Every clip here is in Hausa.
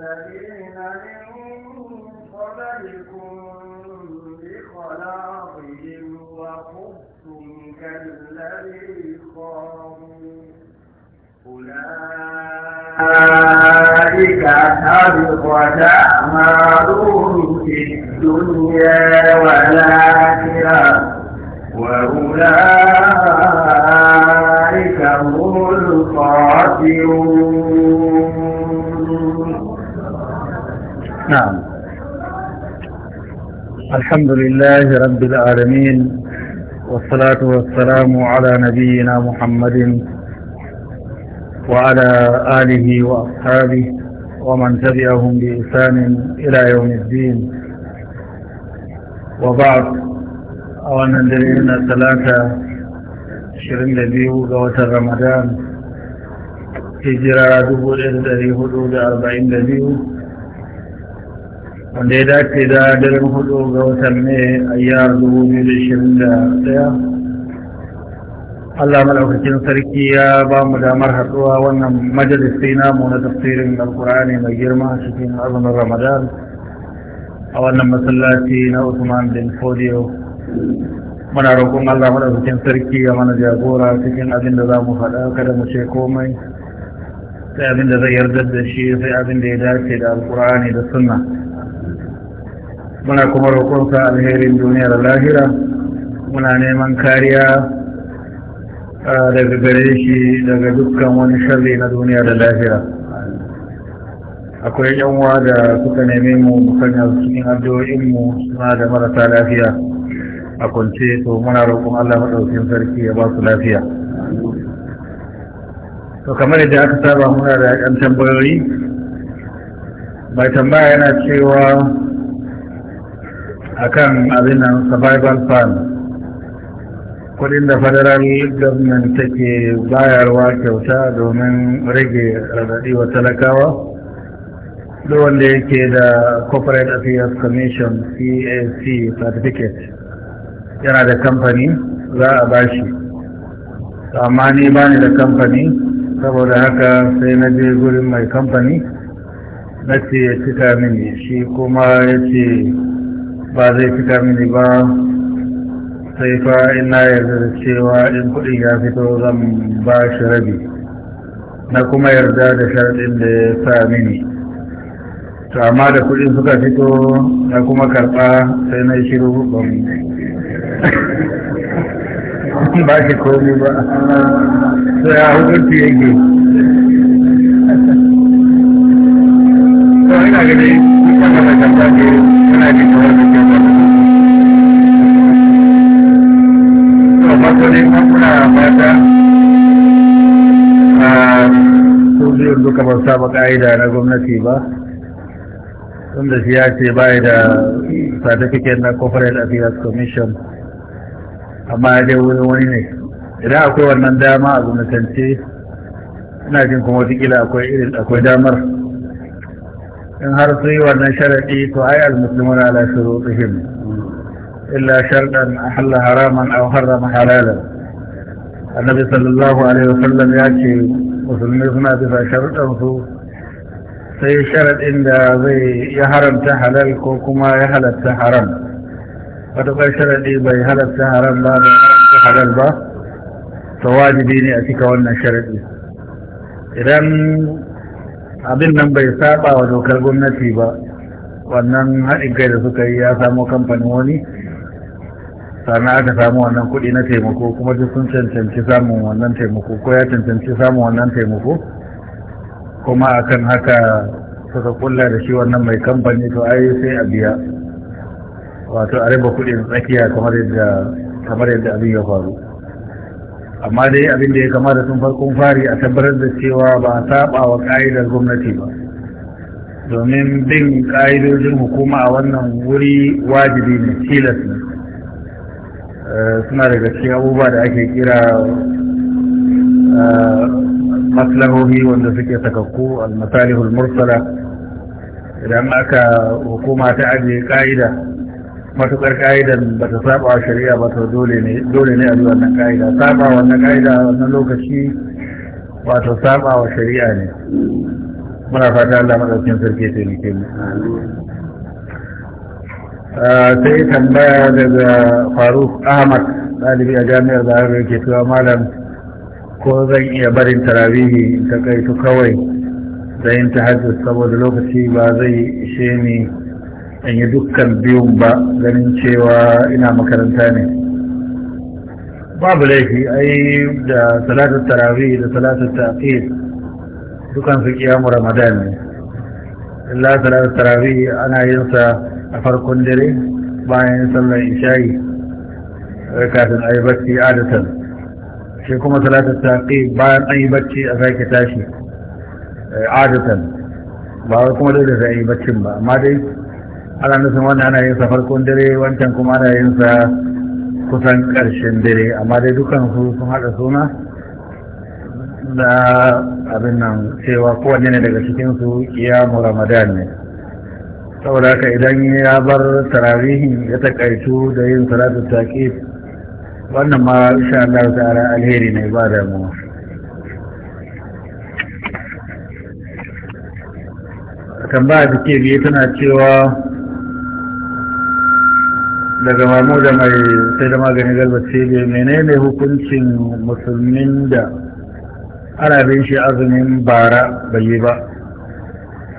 الذين من قبلكم بخلاقهم وخبتم كالذي خاضوا أولئك حبطت أعمالهم في الدنيا والآخرة وأولئك هم الخاسرون نعم الحمد لله رب العالمين والصلاة والسلام على نبينا محمد وعلى آله وأصحابه ومن تبعهم بإحسان إلى يوم الدين وبعد أولا دليلنا ثلاثة شرين لبيه قوة رمضان في دبور إلى دليه دود أربعين لبيه wanda ya dace da daren hudu ga watan ne a yar dubu biyu da da daya Allah malaukakin sarki ya ba mu damar haɗuwa wannan majalisai namu na tafsirin alkur'ani mai girma cikin azumin ramadan a wannan masallaci na usman bin fodiyo muna roƙon Allah malaukakin sarki ya mana jagora cikin abin da za mu faɗa kada mu ce komai sai abin da zai yarda da shi sai abin da ya dace da alkur'ani da sunna muna kuma roƙonsa alherin duniya da lahira muna neman kariya daga gare shi daga dukkan wani sharri na duniya da lahira akwai yanwa da suka neme mu musanya cikin addu'o'in mu suna da marasa lafiya a kwance to muna roƙon Allah maɗaukin sarki ya ba su lafiya to kamar yadda aka saba muna da yan tambayoyi mai tambaya yana cewa akan abin survival fund kudin da federal government take bayarwa kyauta domin rage radadi wa talakawa duk wanda yake da corporate affairs commission cac certificate yana da kamfani za a bashi amma ni ba ni da kamfani saboda haka sai na je gurin mai kamfani na ce cika mini shi kuma ya ce ba zai fita mini ba sai fa ina yarda da cewa in kuɗi ya fito zan ba shi rabi na kuma yarda da sharaɗin da ya sa mini to amma da kuɗi suka fito na kuma karɓa sai na shiru ban ba shi komi ba sai ya hukunci yake ina ana jin kawar da kyau da to farko dai an kuna fata a kogiyar duka ba saba ka'ida na gwamnati ba wanda shi ya ce bai da certificate na corporate affairs commission amma dai wurin wani ne idan akwai wannan dama a gwamnatance ina jin kuma wata akwai irin akwai damar in har su yi wannan sharaɗi to ai almuslimuna ala shurutihim illa sharɗan ahalla haraman aw harrama halalan annabi sallallahu alaihi wa sallam ya ce musulmi suna bisa sharuɗan su sai sharaɗin da zai ya haramta halal ko kuma ya halatta haram matuƙar sharaɗi bai halatta haram ba da haramta halal ba to wajibi ne a cika wannan sharaɗi idan abin nan bai saba wa dokar gwamnati ba wannan haɗin kai da suka yi ya samo kamfanin wani sannan aka samu wannan kuɗi na taimako kuma duk sun cancanci samun wannan taimako ko ya cancanci samun wannan taimako kuma akan haka suka kulla da shi wannan mai kamfani to ai sai a biya wato a raba kuɗin tsakiya kamar yadda abin ya faru amma dai abin da ya kama da sun farkon fari a tabbatar da cewa ba a saba wa ka'idar gwamnati ba domin bin ka'idojin hukuma a wannan wuri wajibi ne tilas ne eh, suna daga cikin abubuwa da ake kira eh, maslahohi wanda suke sakakku al-masalihul mursala idan aka hukuma ta ajiye ƙa'ida. matuƙar ka'idar ba ta saba shari'a ba ta dole ne a bi wannan ƙa'ida saba wannan ƙa'ida a lokaci ba ta saba wa shari'a ne muna fata Allah madaukakin sarki ya ke mu ah, sai tambaya daga Faruk Ahmad ɗalibi a jami'ar Zahar ke cewa malam ko zan iya barin tarawihi in ta kaitu kawai da yin tahajjud saboda lokaci ba zai ishe ni in yi dukkan biyun ba ganin cewa ina makaranta ne babu laifi ai da salatar tarawih da salatar taqid dukan su kiyamu ramadan ne illa salatar tarawih ana yin sa a farkon dare bayan sallar isha'i kafin ayi bacci adatan sai kuma salatar taqid bayan ayi bacci a sake tashi eh, adatan ba kuma dole sai yi baccin ba amma dai ana nufin wannan ana yin sa farkon dare wancan kuma ana yin sa kusan karshen dare amma dai dukkan su sun haɗa suna da abin nan cewa kowanne ne daga cikin su mu ramadan ne saboda haka idan ya bar tarawihin ya takaitu da yin salatu taqib wannan ma insha Allah ta'ala alheri ne ba da mu tambaya da ke biye tana cewa daga mamu da mai sai da maganin ce ne menene hukuncin musulmin da ana bin shi azumin bara bai yi ba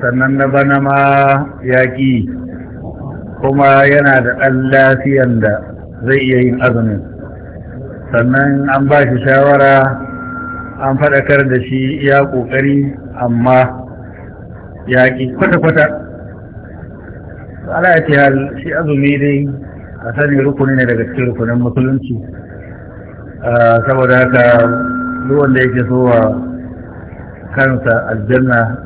sannan na bana ma yaƙi kuma yana da ɗan lafiyan da zai iya yin azumin sannan an ba shi shawara an faɗakar da shi ya ƙoƙari amma yaƙi kwata-kwata ala ya shi azumi dai a sani rukuni ne daga cikin rukunin musulunci saboda haka ruwan da yake so wa kansa aljanna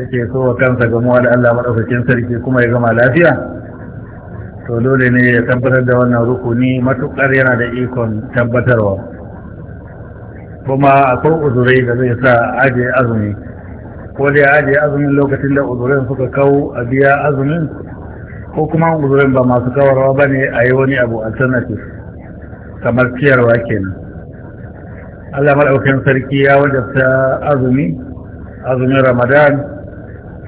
yake so wa kansa gamuwa da Allah maɗaukakin sarki kuma ya gama lafiya to dole ne ya tabbatar da wannan rukuni matuƙar yana da ikon tabbatarwa kuma akwai uzurai da zai sa ajiye azumi ko dai ajiye azumin lokacin da uzurai suka kawo a biya azumin ko kuma guzurin ba masu kawarwa ba ne a yi wani abu alternative kamar ciyarwa kenan Allah maɗaukin sarki ya wajabta azumi azumin ramadan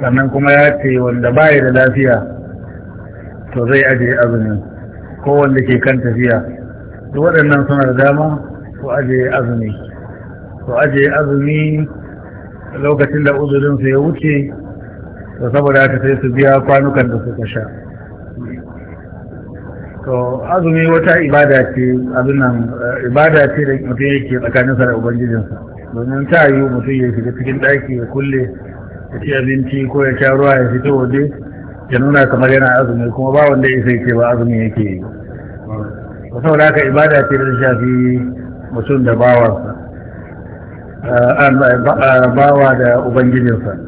sannan kuma ya ce wanda baya da lafiya to zai ajiye azumi ko wanda ke kan tafiya duk waɗannan suna da dama ko ajiye azumi ko ajiye azumi lokacin da uzurinsu ya wuce to saboda haka sai su biya kwanukan da suka sha to azumi wata ibada ce abinan eh, ibada ce da mutum yake tsakaninsa da ubangijinsa domin ta yi mutum ya shiga cikin ɗaki ya kulle ya ci abinci ko ya sha ruwa ya fito waje ya nuna kamar yana azumi kuma ba wanda ya sai ce ba azumi yake yi ba saboda haka ibada ce da ta shafi mutum da bawarsa eh, eh, bawa da ubangijinsa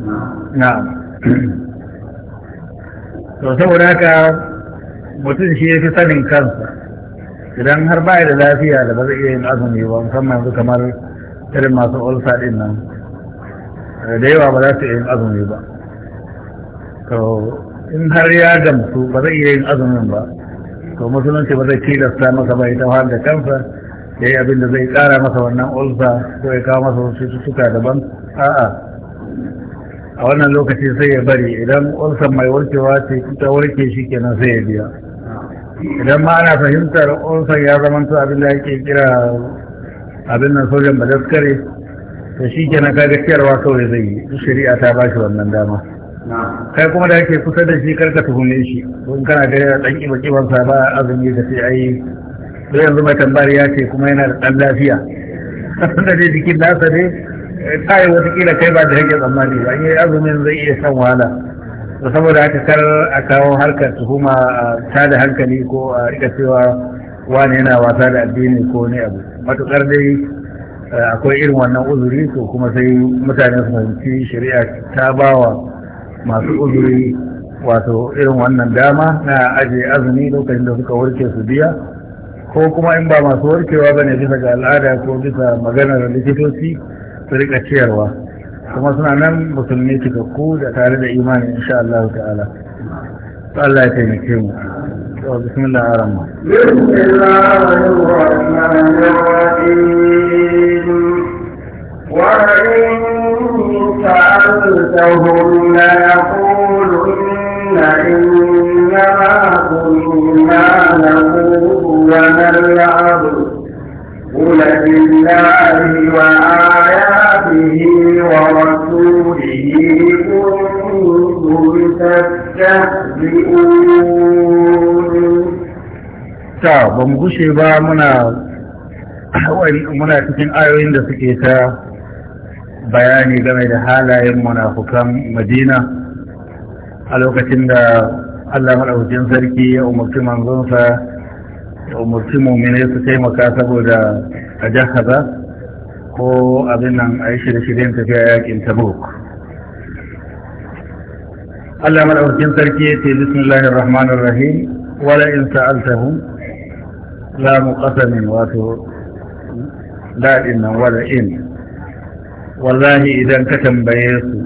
na'am to saboda haka mutum shi ya fi sanin kansa idan har ba da lafiya da ba zai iya yin azumi ba musamman yanzu kamar irin masu ulsa din nan da yawa ba za su iya yin azumi ba to in har ya gamsu ba zai iya yin azumin ba to musulunci ba zai tilasta masa ba ita har da kansa ya yi abin zai kara masa wannan ulsa ko ya kawo masa wasu cututtuka daban a'a a wannan lokaci sai ya bari idan ulsa mai warkewa ce ta warke shi kenan sai ya biya idan ma ana fahimtar unsan ya zamanto abin da yake kira abin nan sojan madaskare to shi ke na kaga ciyarwa kawai zai yi shari'a ta ba shi wannan dama kai kuma da yake kusa da shi karka tuhume shi in kana da dan kiba kibansa ba azumi da sai ai da yanzu mai tambayar ya ce kuma yana da ɗan lafiya da dai jikin nasa ne yi wata kila kai ba da yake tsammani ba in yi azumin zai iya shan wahala da saboda haka kar a kawo harkar tuhuma a tada hankali ko a rika cewa wani yana wasa da addini ko ne abu matukar dai akwai irin wannan uzuri to kuma sai mutane su fahimci shari'a ta bawa masu uzuri wato irin wannan dama na aje azumi lokacin da suka warke su biya ko kuma in ba masu warkewa ne bisa ga al'ada ko bisa maganar likitoci su rika ciyarwa فما سمعنا مسلميك تقول تعالى إيمان إن شاء الله تعالى فألا يتنكرون بسم الله الرحمن الرحيم بسم الله الرحمن الرحيم وإن سألتهم ليقول إن إنما كنا نقول ونلعب قل بالله وآياته ورسوله كنتم تستهزئون ta ba mu gushe ba muna muna cikin ayoyin da suke ta bayani game da halayen munafukan madina a lokacin da allah maɗaukin sarki ya umarci manzonsa umarci mummina su taimaka saboda a jahaza ko abin nan a yi shirye-shiryen tafiya yakin tabuk Allah madaukakin sarki ya ce bismillahir rahmanir rahim wala in sa'altahum la muqasamin wato la din nan wala in wallahi idan ka tambaye su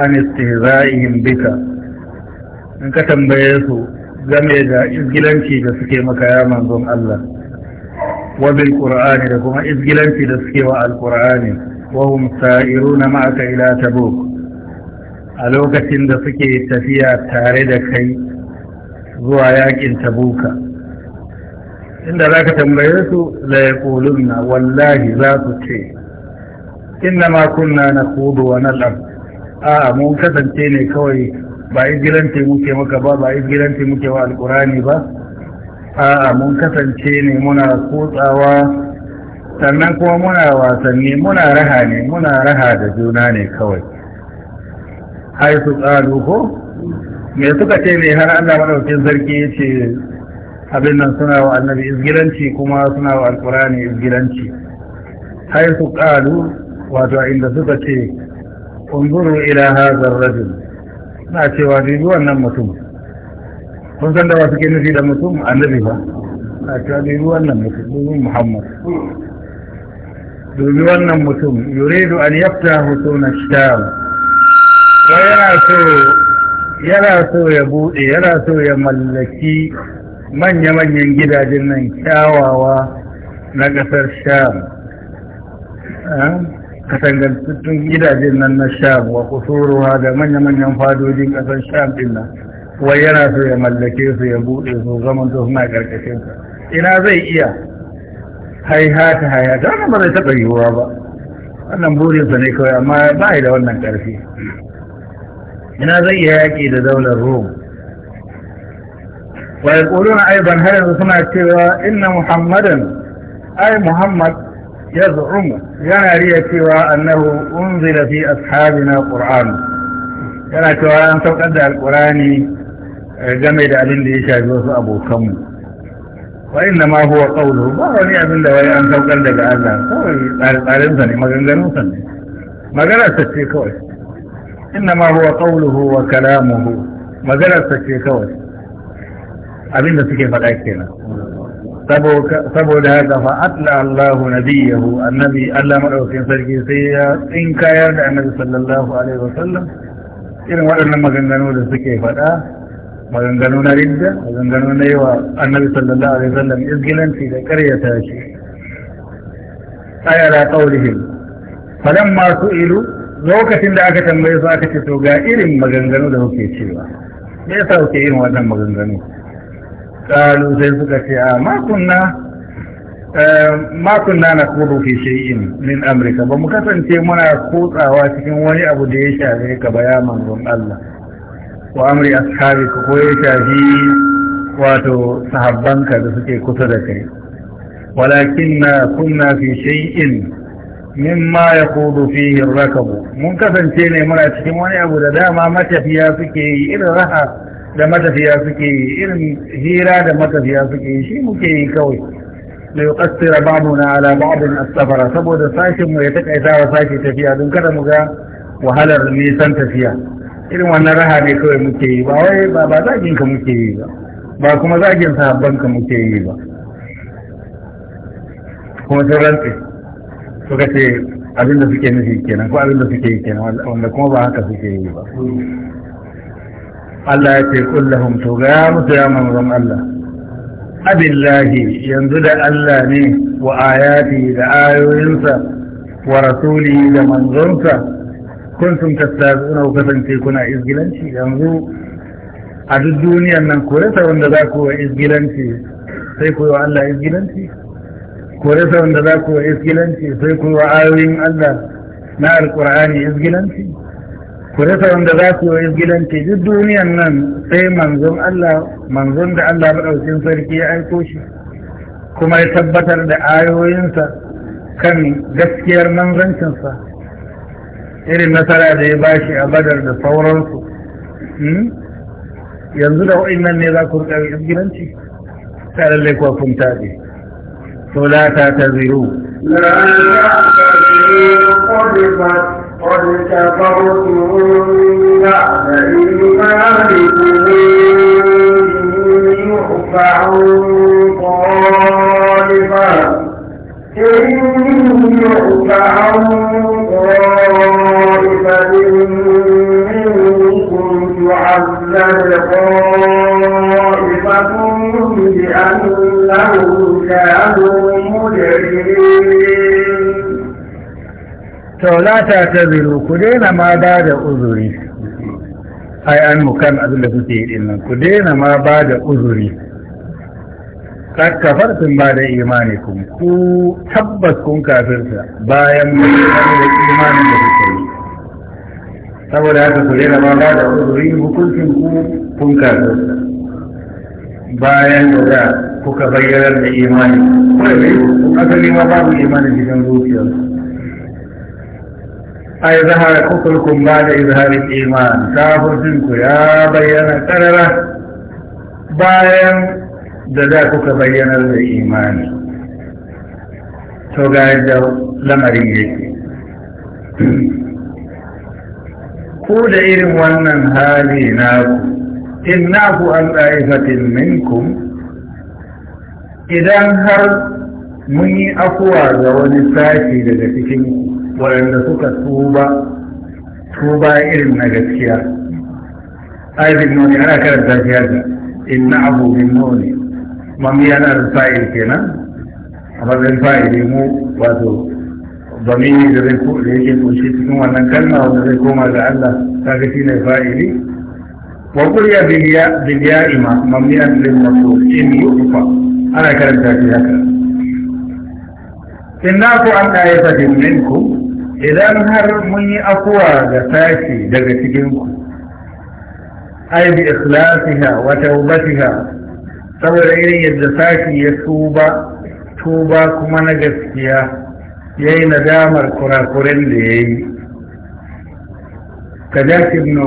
an istihza'ihim bika in ka tambaye su game da izgilanci da suke maka ya manzon Allah wa bil qur'ani da kuma izgilanci da suke wa qur'ani wa hum sa'iruna ma'aka ila tabuk a lokacin da suke tafiya tare da kai zuwa yakin tabuka inda za ka tambaye su la yaquluna wallahi za su ce inna ma kunna nakhudu wa nal'ab a'a mun kasance ne kawai ba izgilance muke maka ba ba izgilance muke wa alkurani ba a'a mun kasance ne muna kotsawa sannan kuma muna wasanni muna raha ne muna raha da juna ne kawai hai su tsaro ko me suka ce ne har Allah madaukin sarki ya ce abin nan suna wa annabi izgiranci kuma suna wa alkurani izgiranci hai su tsaro wato inda suka ce unzuru ila hazar rajul na cewa dubi wannan mutum kun san da wasu ke nufi da mutum annabi ba na cewa dubi wannan mutum domin muhammad domin wannan mutum yuridu an yafta na sham ba yana so yana so ya bude yana so ya mallaki manya-manyan gidajen nan kyawawa na ƙasar sham ah? katangantattun gidajen nan na sham wa kusuruwa da manya-manyan fadojin ƙasar sham din nan wai yana so ya mallake su ya buɗe su zaman to suna ƙarƙashin sa ina zai iya hai hai haihata wannan ba zai taɓa yiwuwa ba wannan burinsa ne kawai amma ba da wannan ƙarfi ina zai iya yaƙi da daular rome ويقولون أيضا هل سنة كذا inna muhammadan أي muhammad يزعم yana riya cewa annahu unzila fi ashabina qur'an yana cewa an saukar da alqur'ani game da abin da ya shafi wasu abokanmu wa inna ma huwa qawlu ba wani abin da wai an saukar daga Allah kawai tsarin sa ne maganganun sa ne magana ta ce kawai wa kawai abin da suke faɗa kenan saboda haka fa atla Allahu nabiyahu annabi Allah madaukakin sarki sai ya tsinkayar da annabi sallallahu alaihi wasallam irin waɗannan maganganu da suke faɗa maganganu na ridda maganganu na yawa annabi sallallahu alaihi wasallam izgilanci da ƙaryata shi ayara qaulihim falan ma su'ilu lokacin da aka tambaye su aka ce to ga irin maganganu da kuke cewa me yasa kuke irin waɗannan maganganu kalu sai suka ce a makunna makunna na kudu fi shay'in min amurka ba mu kasance muna kotsawa cikin wani abu da ya shafe ka ba ya manzon Allah wa amri ashabi ka ko ya shafi wato sahabbanka da suke kusa da kai walakin na kunna fi min mimma ya kudu fihi rakabu mun kasance ne muna cikin wani abu da dama matafiya suke yi irin raha da matafiya suke yi irin hira da matafiya suke yi shi muke yi kawai da yi kastira bamuna ala ba'adin asafara saboda sashin mu ya takaita wa sashi tafiya don kada mu ga wahalar nisan tafiya irin wannan raha ne kawai muke yi ba wai ba ba zagin ka muke yi ba ba kuma zagin sahabban ka muke yi ba kuma sun rantse suka ce abinda suke nufi kenan ko abinda suke yi kenan wanda kuma ba haka suke yi ba الله يقول لهم تقام قياما رم الله أب الله ينزل الله منه وآياته لآي وينسى ورسوله لمن ظنسى كنتم تستاذون وكثن تيكون إزجلنشي ينزو أدو الدنيا من كورسة وندباكو إزجلنشي سيكون يو الله إزجلنشي كورسة وندباكو إزجلنشي سيكو يو آيوين الله نار القرآن إزجلنشي ku rasa wanda za su yi gidanci duk duniyan nan sai manzon Allah manzon da Allah maɗaukin sarki ya aiko shi kuma ya tabbatar da ayoyinsa kan gaskiyar manzancinsa irin nasara da ya bashi a badar da sauransu hmm? yanzu da nan ne za ku rika gidanci ta lallai kuwa kun taɓe so la ta ta ziru la ta ziru قد كفرتم بعد إيمانكم يرفع طائفة إن يرفع طائفة منكم تعذب طائفة بأنهم كانوا مجرمين taulata ta zuru ku daina ma ba da uzuri ai an mukan abin da kuke yi dinnan ku daina ma ba da uzuri kafartun ba da imani kun ku tabbas kun kafirta bayan mutum da imanin da kuke yi saboda haka ku daina ma ba da uzuri hukuncin ku kun kafirta bayan da kuka bayyanar da imani kuma asali ma babu imanin cikin zuciyarsu ai zahara kufurkum ba da izhar iman kafircinku ya bayyana karara bayan da za kuka bayyanar da imani to ga yadda lamarin yake ku da irin wannan hali naku in naku an ɗaifatin minkum idan har mun yi afuwa ga wani sashi daga cikin waɗanda suka tuba tuba irin na gaskiya aibin nuni ana karanta shi haka In na abu min nuni mami yana da fa'il kenan a matsayin fa'ili mu wato bamini da zai da yake kunshi cikin wannan kalma wanda zai koma ga Allah kaga shi ne fa'ili wa quriya bil ya'ima mamiyan lil masul in yufa ana karanta shi haka innaku an ayatatin minkum idan har mun yi afuwa ga sashi daga cikinku ai bi ikhlasiha wa tawbatiha saboda irin yadda sashi ya tuba tuba kuma na gaskiya yayi nadamar kurakuren da yayi kajash ibn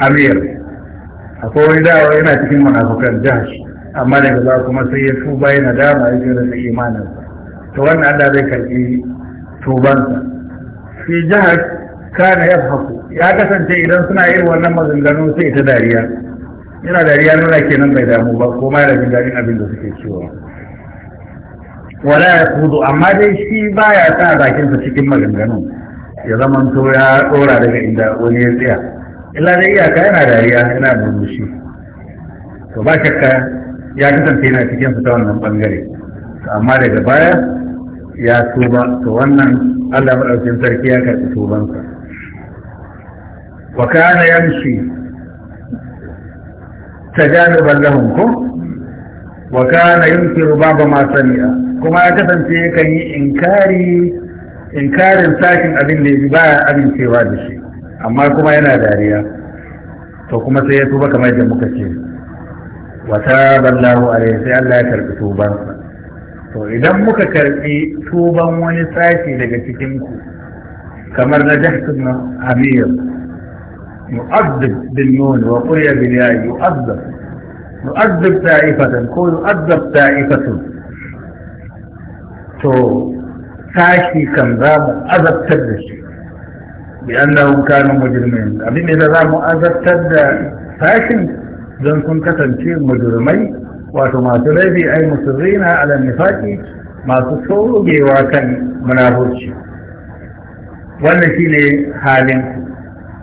hamir akwai wani dawa yana cikin munafikan jahash amma daga za kuma sai ya tuba yana dama ya jira da imanin to wannan Allah zai karbi tubansa fi jihar kana haku ya kasance idan suna yin wannan maganganu sai ita dariya yana dariya nuna kenan bai damu ba ko mai rabin jin abin da suke cewa wala ya kudu amma dai shi baya sa bakinsa cikin maganganu ya zaman to ya dora daga inda wani ya tsaya illa dai iyaka yana dariya yana murmushi to ba shakka ya kasance yana cikin su ta wannan bangare amma daga baya ya tuba to wannan Allah maɗaukin sarki ya karɓi tubansa wa kana yamshi tajaniban lahum ko wa kana yunkiru baba ma kuma ya kasance kan yi inkari inkarin sakin abin da ya baya amincewa da shi amma kuma yana dariya to kuma sai ya tuba kamar yadda muka ce wa taballahu alaihi sai Allah ya karɓi tubansa to idan muka karbi tuban wani sashi daga cikin ku kamar na na amir يؤذب بالنون وقرئ بالياء يؤذب يؤذب تائفة كو يؤذب تائفة to sashi kan za mu azabtar da shi bi annahum kanu mujrimin abin da za mu azabtar da sashin don sun kasance mujrimai wato masu laifi ai musulina ala nifaqi masu sogewa kan munafurci wannan shine halin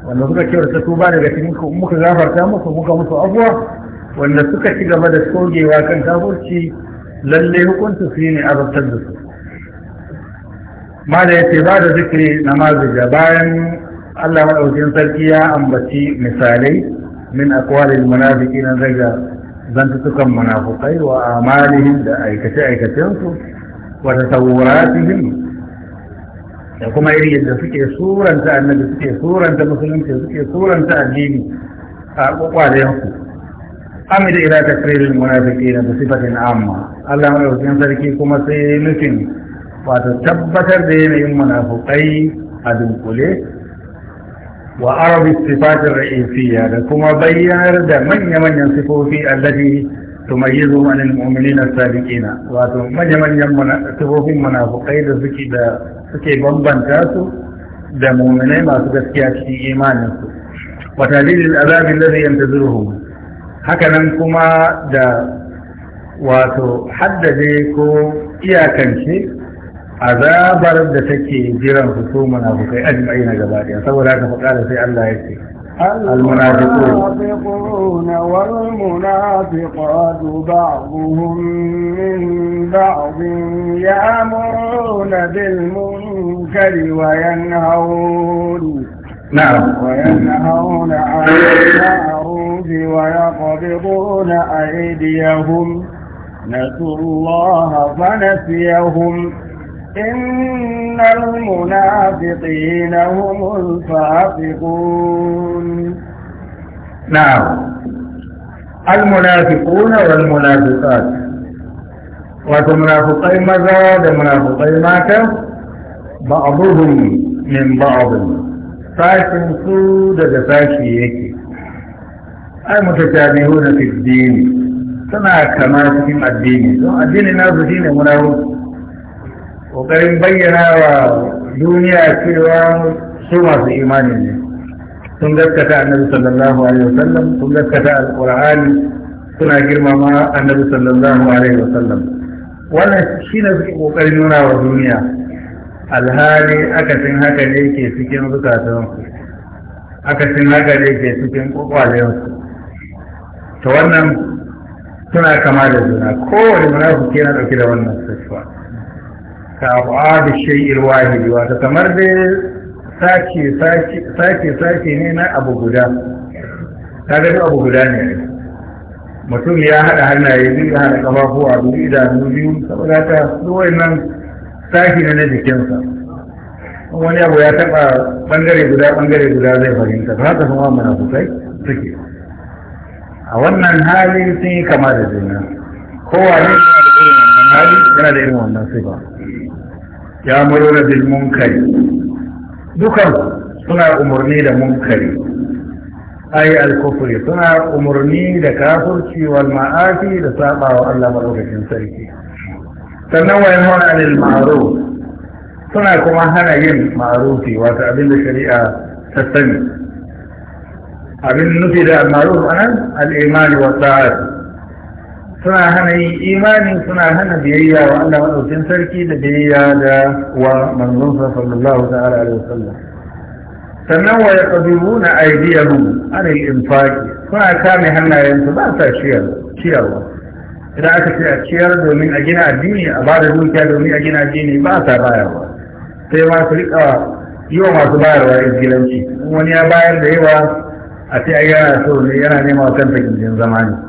wanda suka kyauta tuba daga cikin muka gafarta musu muka musu abuwa wanda suka ci gaba da sogewa kan kafurci lallai hukunta su ne azabtar da su ma da ce ba da zikiri na mazija bayan Allah madaukakin sarki ya ambaci misalai min aqwalil na daga zantukan munafukai wa amalihim da aikace-aikacensu wa tasawuratihim da kuma irin yadda suke suranta annabi suke suranta musulunci suke suranta addini a kwakwalensu amir ila takririn munafiki na sifatin amma Allah madaukakin sarki kuma sai nufin wato tabbatar da yanayin munafukai a dunkule wa arabi sifatin ra'isiyya da kuma bayyanar da manya-manyan sifofi allati tumayyizu an al-mu'minina sadiqina wato manya-manyan sifofin munafukai da suke da suke bambanta su da mu'minai masu gaskiya cikin imanin su wa tadilil azabi alladhi yantaziruhu hakanan kuma da wato haddade ko iyakance azabar da take jiran su su munafukai ajma'ina gaba daya saboda haka faɗa sai Allah ya ce المنافقون والمنافقات بعضهم من بعض يأمرون بالمنكر وينهون نعم وينهون عن المعروف ويقبضون أيديهم نسوا الله فنسيهم إن المنافقين هم الفاسقون نعم المنافقون والمنافقات وتمنافقين ماذا ومنافقين ماتا بعضهم من بعض فاشن سودة فاشي يكي المتشابهون في الدين سنة كما في الدين الدين الناس شيء منافق ƙoƙarin bayyana wa duniya cewa su masu imani ne sun gaskata annabi sallallahu alaihi wasallam sun gaskata alƙur'ani suna girmama annabi sallallahu alaihi wasallam wannan shi ne suke ƙoƙarin nuna wa duniya alhali akasin haka ne ke cikin su akasin haka ne ke cikin su to wannan suna kama da juna kowane munafiki yana ɗauke da wannan siffa ka'ad shay'il wahid wato kamar dai sake-sake ne na abu guda Ta duk abu guda ne mutum ya haɗa hannaye biyu ya haɗa ƙafafu a biyu idanu biyu saboda ta ruwan nan sake ne na jikinsa wani abu ya taɓa ɓangare guda ɓangare guda zai fahimta ba haka kuma mana sosai suke a wannan hali sun yi kama da juna kowa ne yana da irin wannan hali yana da irin wannan sifa ya murna bil munkari dukan suna umarni da munkari Ai al kufri suna umarni da kafirci wal ma'asi da saba wa Allah madaukakin sarki sannan wa yanhuna anil ma'ruf suna kuma hana yin ma'rufi wato abin da shari'a ta sani abin nufi da al-ma'ruf anan al-iman wa ta'at suna hana yin imani suna hana biyayya wa Allah maɗaukin sarki da biyayya da wa manzonsa sallallahu ta'ala alaihi wasallam sannan wa yaqduruna aydiyahum an al-infaq suna kame hannayensu ba sa ciyarwa idan aka ce a ciyar domin a gina addini a ba da dukiya domin a gina addini ba sa bayarwa sai ma su rika yi wa masu bayarwa izgilanci wani ya bayar da yawa a ce ai yana so ne yana nema wa kanta gindin zamani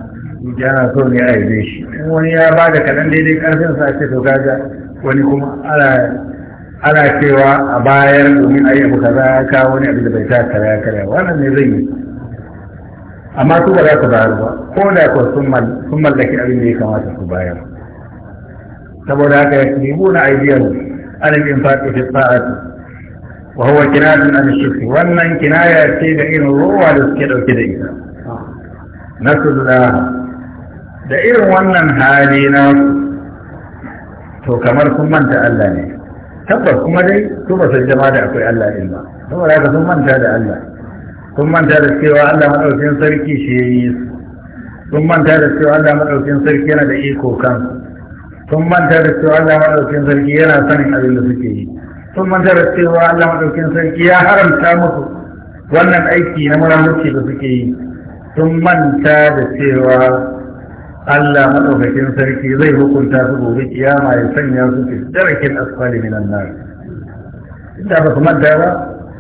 yana so ne a yabe shi wani ya ba da kaɗan daidai ƙarfin sa ce to kaga wani kuma ana cewa a bayar domin a yi kaza ya kawo wani abin da bai ta kare kare wannan ne zai yi amma su ba za su bayar ba ko da ko sun mallaki abin da ya kamata su bayar saboda haka ya ce bu na aibiyar alim in faɗi fi sa'ati wa huwa kinatun an shukri wannan kinaya ce da irin ruwa da suke ɗauke da ita ah. nasu da da irin wannan hali na to kamar sun manta Allah ne tabbas kuma dai su ba san jama da akwai Allah ɗin ba saboda haka sun manta da Allah sun manta da cewa Allah maɗaukin sarki shi ya yi su sun manta da cewa Allah maɗaukin sarki yana da iko kansu sun manta da cewa Allah maɗaukin sarki yana sanin abin da suke yi sun manta da cewa Allah maɗaukin sarki ya haramta musu wannan aiki na muramuci da suke yi sun manta da cewa Allah madaukakin sarki zai hukunta su gobe kiyama ya sanya su fi darakin asfali minan nar da ba su madda ba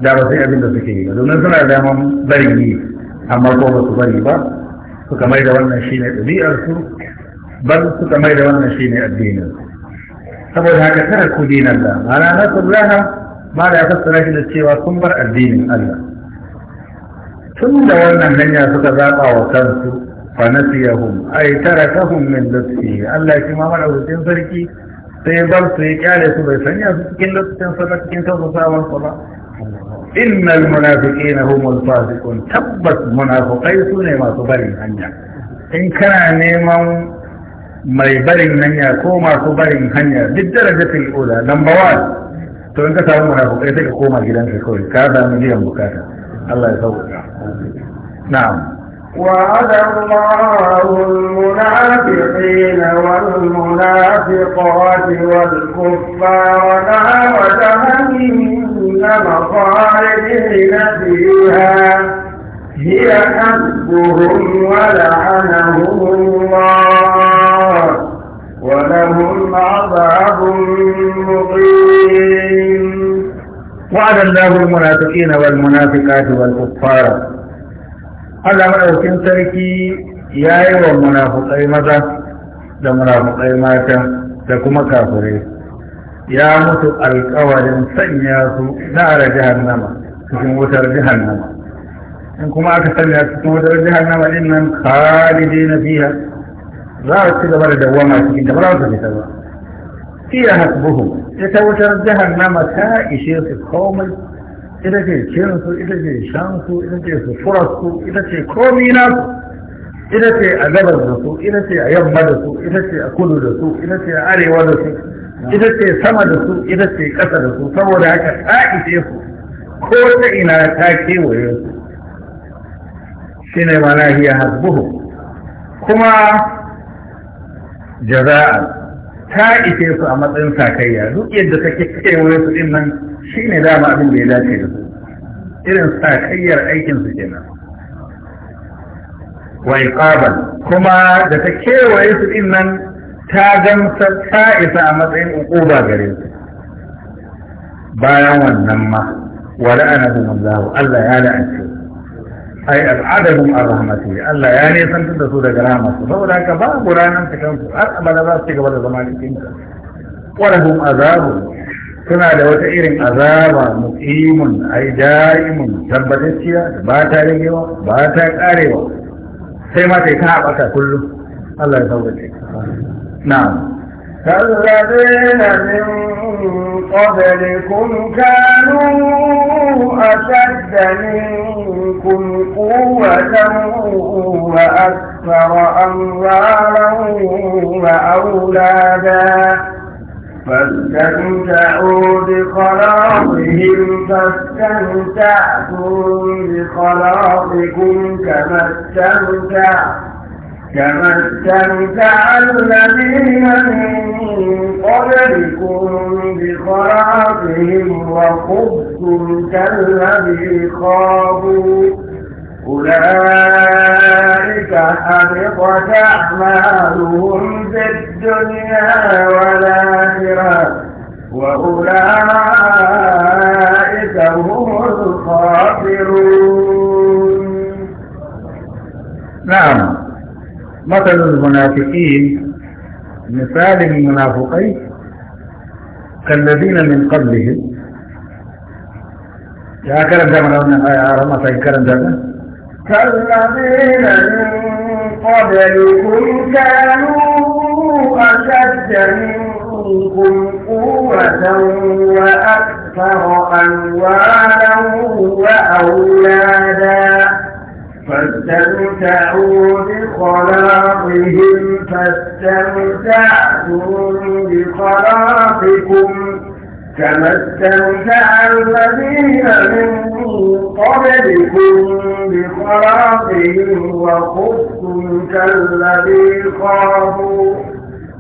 da ba sai abin da suke yi ba domin suna daman bari yi amma ko ba su bari ba suka mai da wannan shine ɗabi'ar su bal suka mai da wannan shine addinin saboda haka tara ku dinan da ma'ana nasullaha ma da ya fassara shi da cewa sun bar addinin Allah tun da wannan hanya suka zaɓa wa kansu fa nasiyahum ay tarakahum min lutfi Allah shi ma madaukakin sarki sai bar su ya kyale su bai sanya su cikin lutfin sa cikin tausasawan sa ba innal munafiqina humul fasiqun tabbas munafiqai su ne masu barin hanya in kana neman mai barin hanya ko masu barin hanya duk darajatul ula number 1 to in ka samu munafukai sai ka koma gidanka kawai ka samu biyan bukata Allah ya sauka na'am وعد الله المنافقين والمنافقات والكفار نار جهنم خالدين فيها هي حسبهم ولعنهم الله ولهم عذاب مقيم وعد الله المنافقين والمنافقات والكفار Allah madaukin sarki ya yi wa munafukai maza da munafukai mata da kuma kafirai ya mutu alkawarin sanya su nara jahannama cikin wutar jahannama in kuma aka sanya cikin wutar jahannama din nan khalidi na fiya za a ci gaba da dawama cikin da ba za su fita ba fiya hasbuhu ita wutar jahannama ta ishe su komai ita ce cinsu ita ce shansu ita ce suturarsu ita ce komina su ita ce a gabas da su ita ce a yamma da su ita ce a kudu da su ita ce a arewa da su ita ce sama da su ita ce kasa da su saboda haka ta ishe su ko ta ina ta kewaye su shi ne mana hiya hasbuhu kuma jaza'a ta ishe su a matsayin sakayya duk yadda ta kewaye su din nan shi ne dama abin da ya dace da su irin sakayyar aikinsu kenan wa iqaban kuma da ta kewaye su din nan ta gamsa ta isa a matsayin uƙuba gare su bayan wannan ma wa la'anahum Allah Allah ya la'anta ai al'adahum ar-rahmati Allah ya ne san da su daga rahmatu saboda haka babu ranar ta su har abada za su ci gaba da zama cikin ka wa lahum azabun suna da wata irin azaba muqimun ai daimun tabbatacciya ba ta ragewa ba ta karewa sai ma sai ka bata kullum Allah ya sauke na'am كالذين من قبلكم كانوا أشد منكم قوة وأكثر أموالا وأولادا فاستمتعوا بخلاقهم فاستمتعتم بخلاقكم كما استمتع كما استمتع الذين من قبلكم بخلاقهم وخبتم كالذي خابوا أولئك حبطت أعمالهم في الدنيا والآخرة وأولئك هم الخاسرون نعم مثل المنافقين مثال المنافقين كالذين من قبلهم يا كرم زمان يا رمضان كرم زمان كالذين من قبلكم كانوا أشد منكم قوة وأكثر أموالا وأولادا فاستمتعوا بخلاقهم فاستمتعتم بخلاقكم كما استمتع الذين من قبلكم بخلاقهم وخفتم كالذي خافوا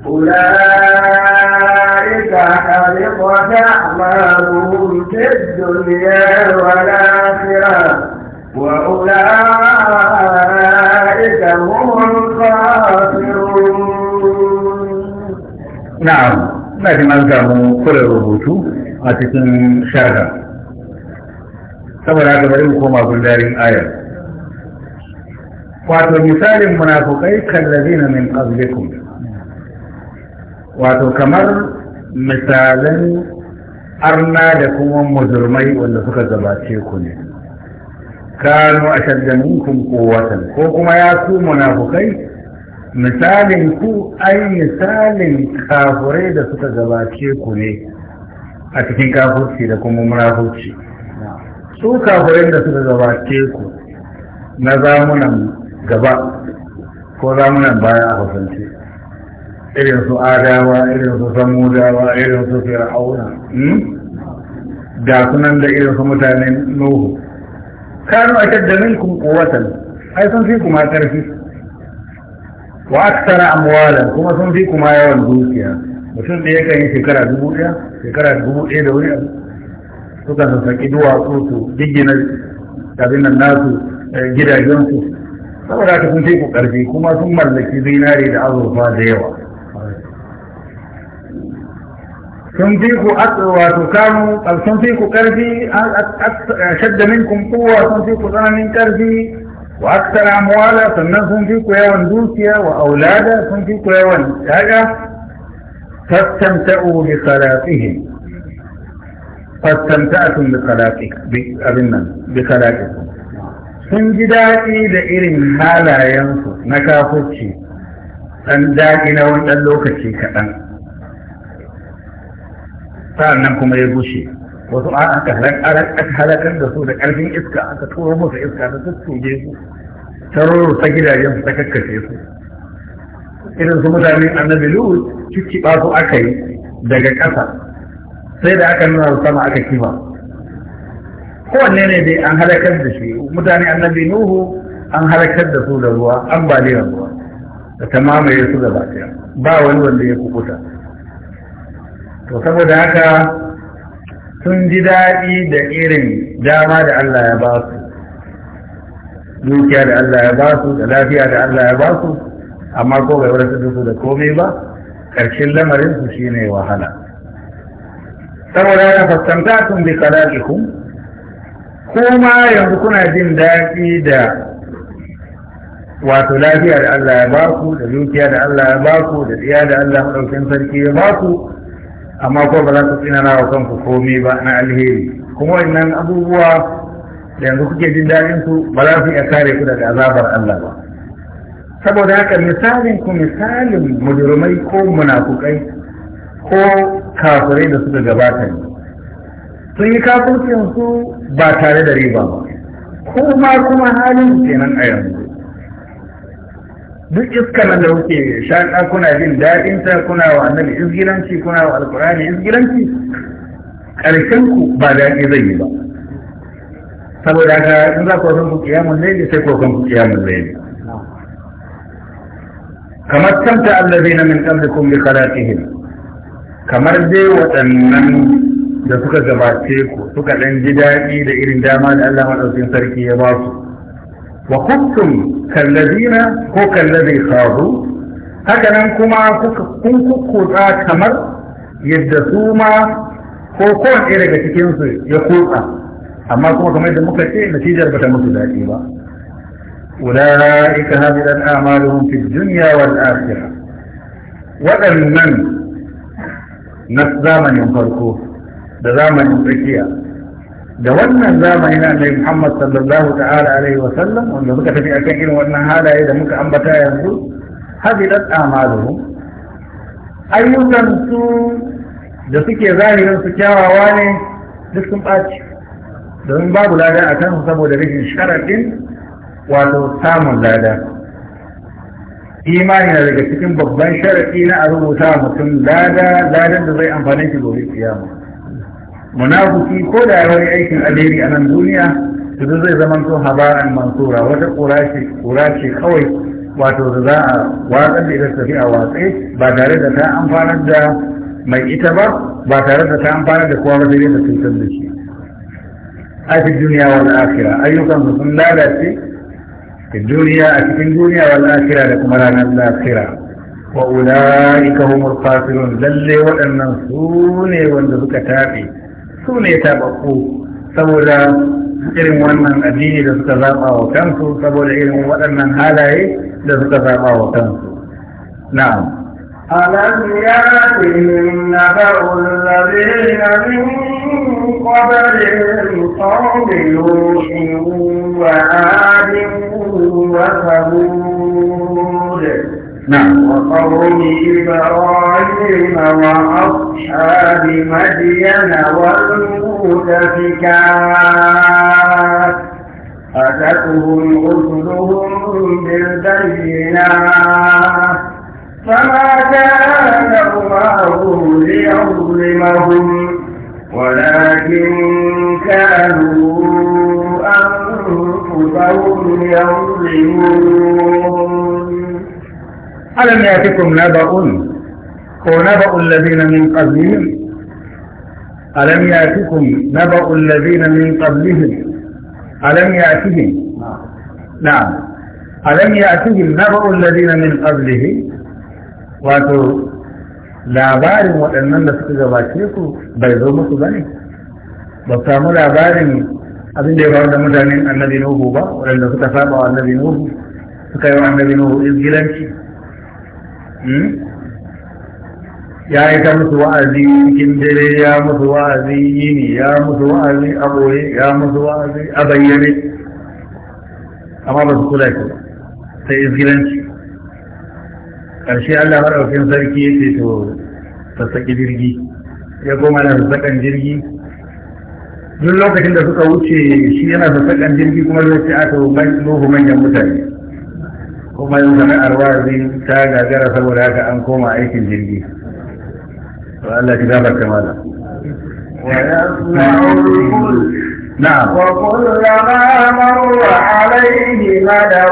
أولئك حبطت أعمالهم في الدنيا والآخرة وأولئك هم الخاسرون نعم ina jin an samu kuren rubutu a cikin shaga saboda haka bari mu koma gundarin ayar wato misalin munafukai kallazina min qablikum wato kamar misalan arna da kuma muzurmai wanda suka gabace ku ne kanu ashadda minkum quwwatan ko kuma ya ku munafukai misalin ku ai misalin kafurai da suka gabace ku ne a cikin kafurci da kuma munafurci su kafurai da suka gabace ku na zamunan gaba ko zamunan baya a hausance irin su adawa irin su samudawa irin su fir'auna da hmm? sunan da irin su mutanen nuhu kanu a shadda minkum kuwatan ai sun fi kuma karfi wa aksara amwala kuma sun fi kuma yawan dukiya mutum da yakan yi shekara dubu ɗaya shekara dubu ɗaya da wuri suka saki duwatsu su jingina abin nan nasu eh, gidajensu saboda ta sun fi ku ƙarfi kuma sun mallaki zinare da azurfa da yawa sun fi ku wato kanu sun fi ku ƙarfi shadda minkum kowa sun fi ku tsananin ƙarfi واكثر اموالها فالنفسهم فيكو يوان دوسيا واولادها فهم فيكو يوان هجا فاستمتعوا بخلاقهم فاستمتعتم بخلاقكم بخلاقكم sun ji daɗi da irin halayensu na kafurci ɗan daɗi na wani ɗan lokaci kaɗan wasu a aka halakar da su da ƙarfin iska aka turo musu iska ta tuttuge su ta rurrusa gidajen su ta kakkashe su irin su mutane annabi lut ba su aka yi daga ƙasa sai da aka nuna sama aka kima kowanne ne dai an halakar da shi mutane annabi nuhu an halakar da su da ruwa ambaliyar ruwa da ta mamaye su da ba wani wanda ya kubuta to saboda haka sun ji daɗi da irin dama da Allah ya ba su dukiya da Allah ya ba su da lafiya da Allah ya ba su amma ko bai wurin da su da komai ba ƙarshen lamarin su shine wahala saboda ya fuskanta sun bi ko kuma yanzu kuna jin daɗi da wato lafiya da Allah ya ba ku da dukiya da Allah ya ba ku da tsiya da Allah ɗaukin sarki ya ba ku amma ko ba za ku tsinana wa kanku komai ba na alheri kuma wannan abubuwa da yanzu kuke jin daɗin su ba za su iya kare ku daga azabar Allah ba saboda haka misalin ku misalin mujrimai ko munafukai ko kafirai da suka gabata ne sun yi kafircin su ba tare da riba ba ko ma kuma halin kenan a yanzu duk iskar da kuke shaƙa kuna jin daɗinta kuna wa annabi izgiranci kuna wa alkurani izgiranci ƙarshen ku ba daɗi zai yi ba saboda haka in za ku san ku kiyamun laili sai ku san ku kiyamun laili kamar tamta allazina min qablikum bi khalaqihim kamar dai waɗannan da suka gabace ku suka ɗan ji daɗi da irin dama da Allah madaukakin sarki ya ba su وقفتم كالذين هو كالذي خاضوا هكذا انكو مع كنكو قوضاء كمر يدسو مع كوكون إلى كتكينسو يقول أما كما كما يدى مكتئ نتيجة البشر المتباكي أولئك هذه الأعمال في الدنيا والآخرة وأمن نفذا من ينفركوه بذا من ينفركيه da wannan zamani na annabi Muhammad sallallahu ta'ala alaihi wa sallam wanda muka tafi akan irin wannan halaye da muka ambata yanzu habidat amaluhum ayyukan su da suke zahirin su kyawawa ne duk sun ɓaci domin babu lada a kansu saboda rashin sharaɗin wato samun lada imani na daga cikin babban sharaɗi na a rubuta mutum lada ladan da zai amfani shi gobe kiyama munafiki ko da ya wani aikin alheri a nan duniya su zai zama to habaran mansura wata kura ce kawai wato da za a watsar da ita tafi a watse ba tare da ta amfanar da mai ita ba ba tare da ta amfanar da kowa ba sai da cutar da shi a cikin duniya wa al'akira ayyukan su sun lalace a duniya a cikin duniya wa al'akira da kuma ranar lafira wa ulaika humul khasirun lalle waɗannan su ne wanda suka tafi su ne bako saboda irin wannan addini da suka zaɓa wa kansu saboda irin waɗannan halaye da suka zaɓa wa kansu na'am ألم يأتهم نبأ الذين من قبلهم قوم نوح وعاد وثمود نعم وقوم إبراهيم وأصحاب مدين والمؤتفكات أتتهم رسلهم بالبينات فما كان الله ليظلمهم ولكن كانوا أنفسهم يظلمون ألم يأتكم نبأ ونبأ الذين من قبلهم ألم يأتكم نبأ الذين من قبلهم ألم يأتهم نعم ألم يأتهم نبأ الذين من قبلهم wato labarin waɗannan da suka gabace ku bai zo musu ba ne ba samu labarin abin da ya faru da mutanen annabi nuhu ba waɗanda suka saba wa annabi nuhu suka yi wa annabi nuhu izgilanci Hmm? ya yi ta musu wa'azi cikin dare ya musu wa'azi yini ya musu wa'azi a ɓoye ya musu wa'azi a bayyane amma ba su kula shi ba sai izgilanci ƙarshe allah maɗaukin sarki ya ce to sassaƙi jirgi ya goma na sassaƙan jirgi duk lokacin da suka wuce shi yana sassaƙan jirgi kuma zai ce aka nuhu manyan mutane kuma yin sana'ar arwazi ta gagara saboda haka an koma aikin jirgi wa Allah ki gafarta mana نعم وكلما مر عليه ملأ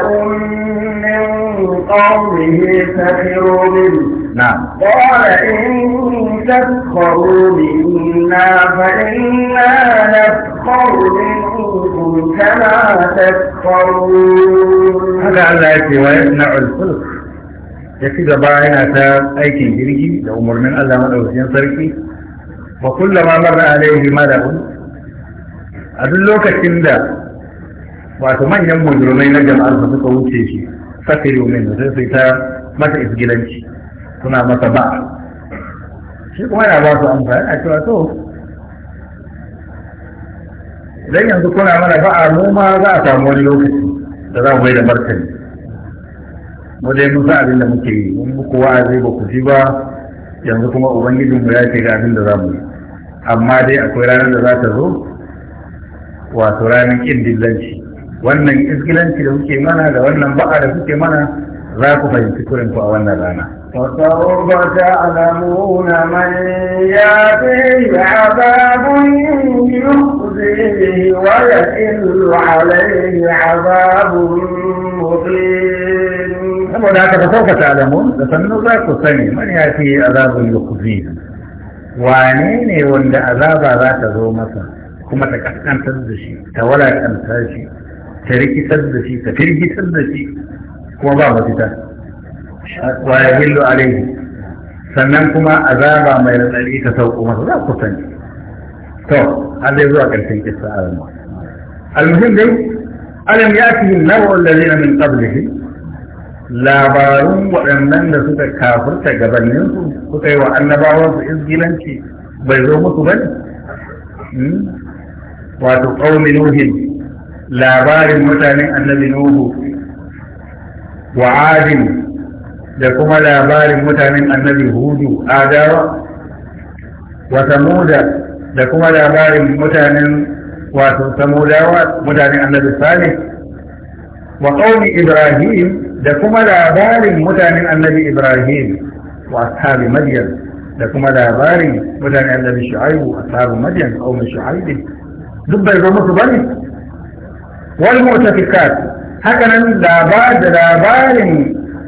من قومه سخروا منه قال إن تسخروا منا فإنا نسخر منكم كما تسخرون Sai Allah ya ce wa na alfil ya ci gaba yana ta aikin jirgi da umarnin Allah madaukakin sarki wa kullama marra alaihi malakun a duk lokacin da wato manyan mujrimai na jama'ar su suka wuce shi sakiru min sai sai ta mata isgilanci suna masa ba. shi kuma yana ba su amfani a cewa to idan yanzu kuna mana ba'a mu ma za a samu wani lokaci da za mu bai da martani mu dai mun abin da muke yi mun a wa'azi ba ku ji ba yanzu kuma ubangijin mu ya ce ga abin da za mu yi amma dai akwai ranar da za ta zo wato ranar ƙin dillanci wannan iskilanci da kuke mana da wannan ba'a da kuke mana za ku fahimci kurinku a wannan rana فسوف تعلمون من ياتيه عذاب يخزيه ويحل عليه عذاب مقيم. هناك فسوف تعلمون فمن لا الثاني من ياتيه عذاب يخزيه وعنين وان عذاب ذات زومته كما تكتم تزشي تولى كم تزشي تركي تزشي تفرجي تزشي وما ما wa yahillu alaihi sannan kuma azaba mai radadi ta sauko masa za ku sani to har dai zuwa karshen kissa a ranar almuhim dai alam nawa da zina min qablihim labarun waɗannan da suka kafurta gabaninsu suka yi wa annabawansu izgilanci bai zo musu ba ne hmm? wato ƙaumi nuhin labarin mutanen annabi nuhu wa adin da kuma labarin mutanen annabi hudu adawa wa samuda da kuma labarin mutanen wato samudawa mutanen annabi salih wa qaumi ibrahim da kuma labarin mutanen annabi ibrahim wa ashabi madyan da kuma labarin mutanen annabi shu'aibu ashabi madyan qaumi shu'aib duk bai zo musu bane wal mu'tafikat haka nan labarin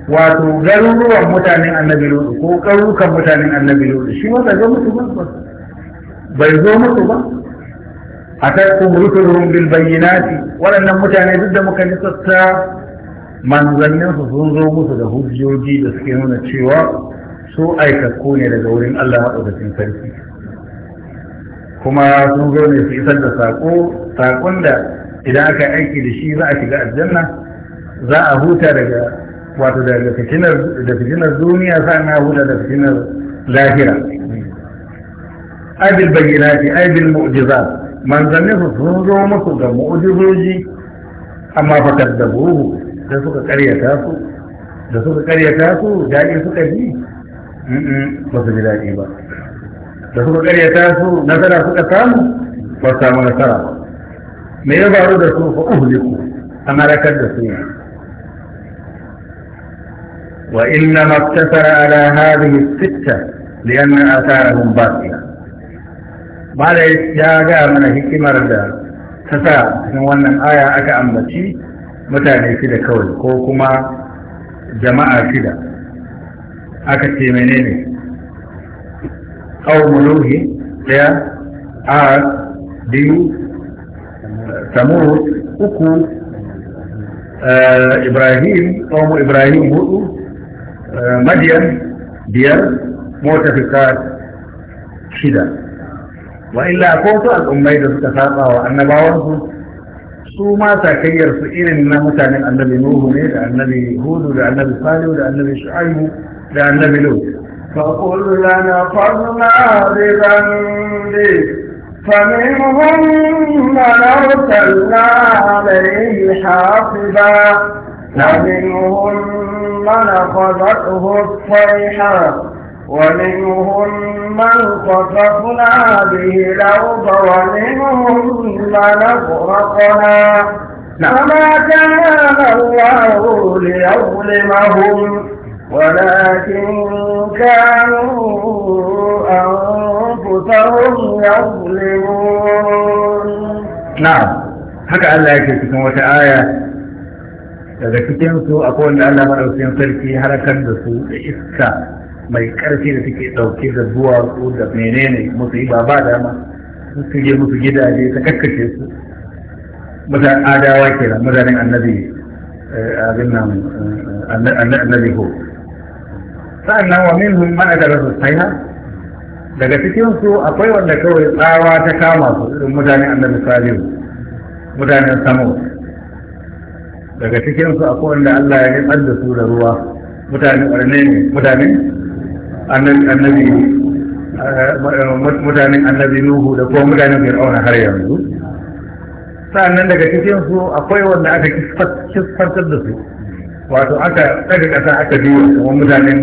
wato garuruwan mutanen annabi lutu ko ƙauyukan mutanen annabi lutu shi wata zo musu ba bai zo musu ba a tattun rukunin bil bayyanati waɗannan mutane duk da muka lissafta manzannin su sun zo musu da hujjoji da suke nuna cewa su aikakku ne daga wurin Allah maɗaukakin sarki kuma sun zo ne su isar da saƙo saƙon da idan aka aiki da shi za a shiga aljanna za a huta daga wato da fitinar duniya sana huda da fitinar lahira abil bayyinati abil mu'jizat manzanni su sun zo musu da mu'jizoji amma fa da da suka karyata su da suka karyata su daɗi suka ji ba su ji daɗi ba da suka karyata su nasara suka samu ba samu nasara ba me ya faru da su fa uhliku an halakar da su ne وإنما اقتصر على هذه الستة لأن آثارهم باقية بعد ya ga mana hikimar da ta sa cikin wannan aya aka ambaci mutane shida kawai ko kuma jama'a shida aka ce menene kawo muluhi ɗaya a biyu samuru uku ibrahim kawo ibrahim hudu آه، مدين ديال مرتفقات شدة وإلا كنت الأميد التفاقى وأن بعضهم سوما تكير سئين من مثال النبي نوه لأن النبي هود النبي صالح النبي شعيب النبي لوط فقل لنا فضنا بذنبي فمنهم من ارسلنا عليه حافظا نعم. ومنهم من أخذته الصيحة ومنهم من خسفنا به الأرض ومنهم من أغرقنا نعم. فما كان الله ليظلمهم ولكن كانوا أنفسهم يظلمون نعم هكذا الله يكفيكم وتعالى daga cikin su akwai wanda Allah madaukakin sarki harakar da su da iska mai karfi da suke dauke da duwatsu da menene musu yi ba ba dama su je musu gidaje ta kakkace su mutan adawa ke da mutanen annabi eh, abin nan eh, annabi ko sa'annan wa hum man adrasu sayha daga cikin su akwai wanda kawai tsawa ta kama su irin mutanen annabi salihu mutanen samu daga cikin su akwai wanda Allah ya nitsar da su da ruwa mutane ƙarni ne mutane annabi eh, mutanen annabi nuhu da kuma mutanen fir'auna har yanzu sa'annan daga cikin su akwai wanda aka kisfantar da su wato aka daga ƙasa aka biyu kuma mutanen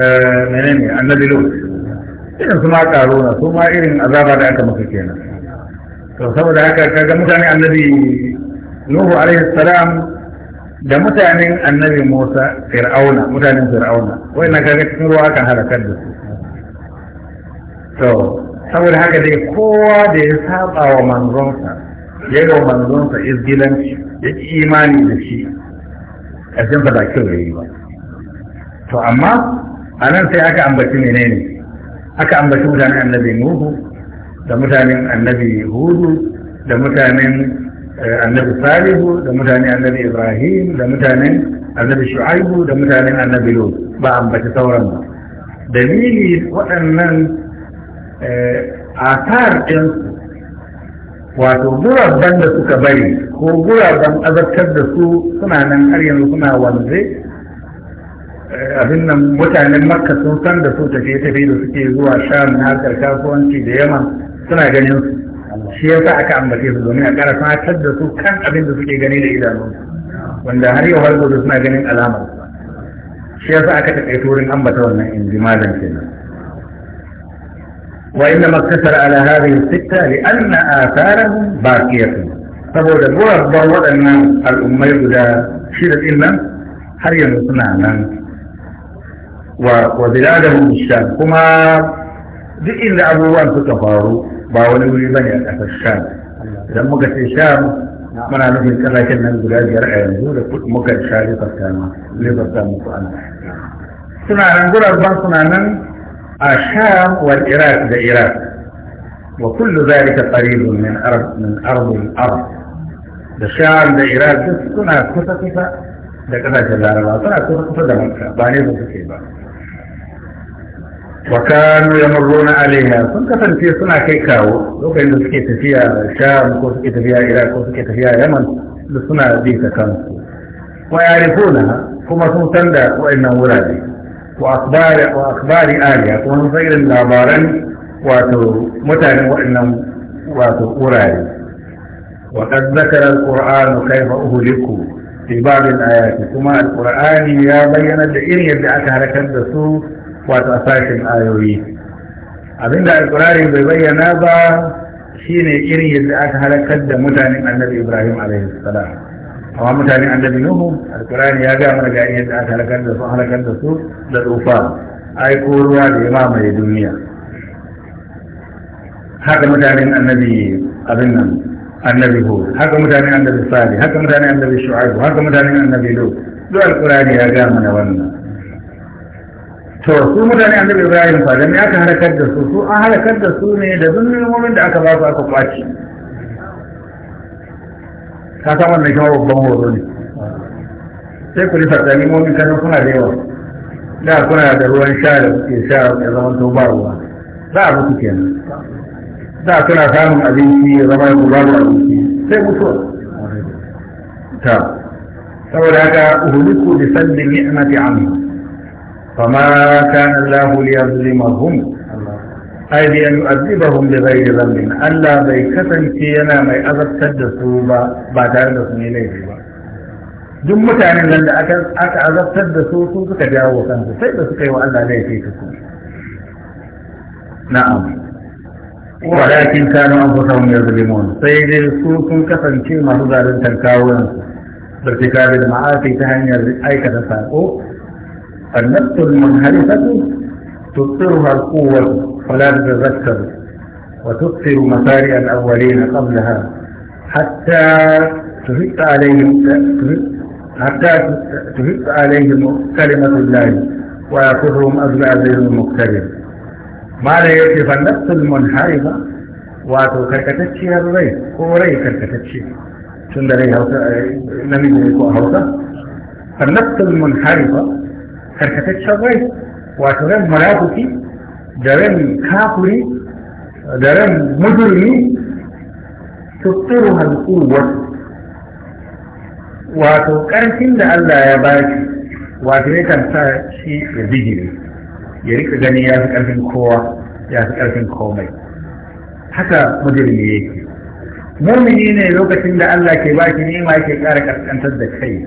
eh, menene annabi lut irin su ma ƙaro na su ma irin azaba da aka maka kenan to saboda haka kaga mutane annabi Nuhu alaihi salam da mutanen annabi Musa Fir'auna mutanen Fir'auna wai na kaga cikin ruwa aka halakar da su to saboda haka dai kowa da ya saba wa manzonsa ya yi manzonsa izgilanci ya ki imani da shi a jinsa ba kyau yayi ba to amma a nan sai aka ambaci menene aka ambaci mutanen annabi Nuhu da mutanen annabi Hudu da mutanen Eh, annabi salihu da mutanen annabi ibrahim da mutanen annabi shu'aibu da mutanen annabi lut ba ambaci sauran ba dalili waɗannan eh, asar ɗin wato guraben da suka bari ko guraben azabtar da su suna nan har yanzu suna wanzu eh, abin nan mutanen makka sun san da su tafiye-tafiye da suke zuwa sha na harkar kasuwanci da yaman suna ganin su shi yasa aka ambace su domin a ƙara fatar da su kan abin da suke gani da idanu wanda har yau har gobe suna ganin alamar shi yasa aka taƙaita wurin ambata wannan in ji malam kenan وإنما اقتصر على هذه الستة لأن آثارهم باقية saboda gurabban waɗannan al'ummai guda shida ɗin nan har yanzu suna nan wa biladahum sham kuma duk inda abubuwan suka faru ba wani wuri ba ne a ƙasar sham idan muka ce sham muna nufin ƙasashen nan guda biyar a yanzu da muka sha lifasta ma lifasta muku ana suna nan gurabban suna nan a sham wal iraq da iraq wa kullu zalika qaribun min arab min arab al-arab da sham da iraq duk suna kusa kusa da ƙasashen larabawa suna kusa kusa da makka ba ne ba suke ba wa kanu yamurruna alaiha sun kasance suna kai kawo lokacin da suke tafiya sham ko suke tafiya iraq ko suke tafiya yaman da suna bi ta kansu wa yarifuna kuma sun san da wa'annan wurare wa akhbari wa akhbari aliya kuma sun san labaran wato mutanen wa'annan wato wurare wa qad zakara alquran kayfa uhliku fi ba'd alayati kuma alqur'ani ya bayyana da irin yadda aka harkar da su wato a sashen ayoyi abinda alkurari bai bayyana ba shine irin yadda aka halakar da mutanen annabi ibrahim alaihi salam amma mutanen annabi nuhu alkurari ya ga mana ga yadda aka halakar da su halakar da su da tsufa aiko ruwa da ya mamaye duniya haka mutanen annabi abin nan annabi Hu, haka mutanen annabi salih haka mutanen annabi Shu'aibu, haka mutanen annabi lut duk alkurari ya ga mana wannan to su mutane annabi Ibrahim fa da me aka halakar da su su an halakar da su ne da zunnumomin da aka ba su aka kwaci ka san wannan kuma babban horo ne sai ku rufe da limomin kan suna da yawa da kuna da ruwan sha da kuke sha ya zama to ba ruwa za a mutu kenan da kuna samun abinci ya zama ku ba abinci sai mutuwa ta saboda haka uhuluku bi sannin ni'mati amma. فما كان الله ليظلمهم أي بأن يؤذبهم بغير ذنب ألا بيكتن كينا ما يأذب تدسوا بعد أن نسمي ليه دم متعن لن أتعذب تدسوا سوتك جاو وكانت سيدس كيو ألا ليكيتكم نعم ولكن كانوا أنفسهم يظلمون سيد السوس كفن كيما هذا لن تنكاون بارتكاب المعاتي تهني أي كتساقوا فالنفس المنحرفة تبصرها القوة فلا تتذكر وتبصر مفارع الأولين قبلها حتى تهت عليهم حتى تهت عليهم كلمة الله ويأخذهم أجل أجل المقتدر ما لا يكفي النفس المنحرفة واتو كركتشي هذا ليس هو karkatacce كركتشي da rai hausa namiji ne ko karkataccen rai wato ran marafuki da ran kafuri da ran mujurmi tuturu wasu. wato ƙarfin da Allah ya ba shi wato ya kanta sa shi ya bigire ya rika gani ya fi ƙarfin kowa ya fi ƙarfin komai haka mujurmi yake mumini ne lokacin da Allah ke ba shi nema yake kara kaskantar da kai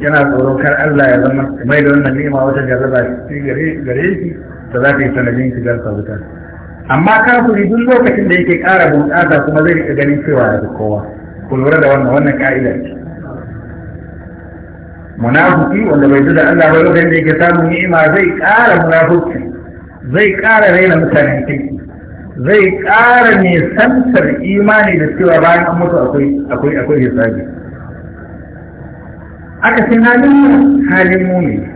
yana tsoron kar Allah ya zama mai da wannan ni'ima wata jarraba shi gare shi da za ta yi sanadin shigar sa wuta amma kafiri duk lokacin da yake ƙara bunƙasa kuma zai rika ganin cewa ya fi kowa ku lura da wannan wannan ka'ida ce munafiki wanda bai ji da Allah ba lokacin da yake samun ni'ima zai ƙara munafiki zai ƙara raina mutanen kirki zai ƙara nisantar imani da cewa bayan an mutu akwai akwai akwai hisabi aka cin halin halin mumini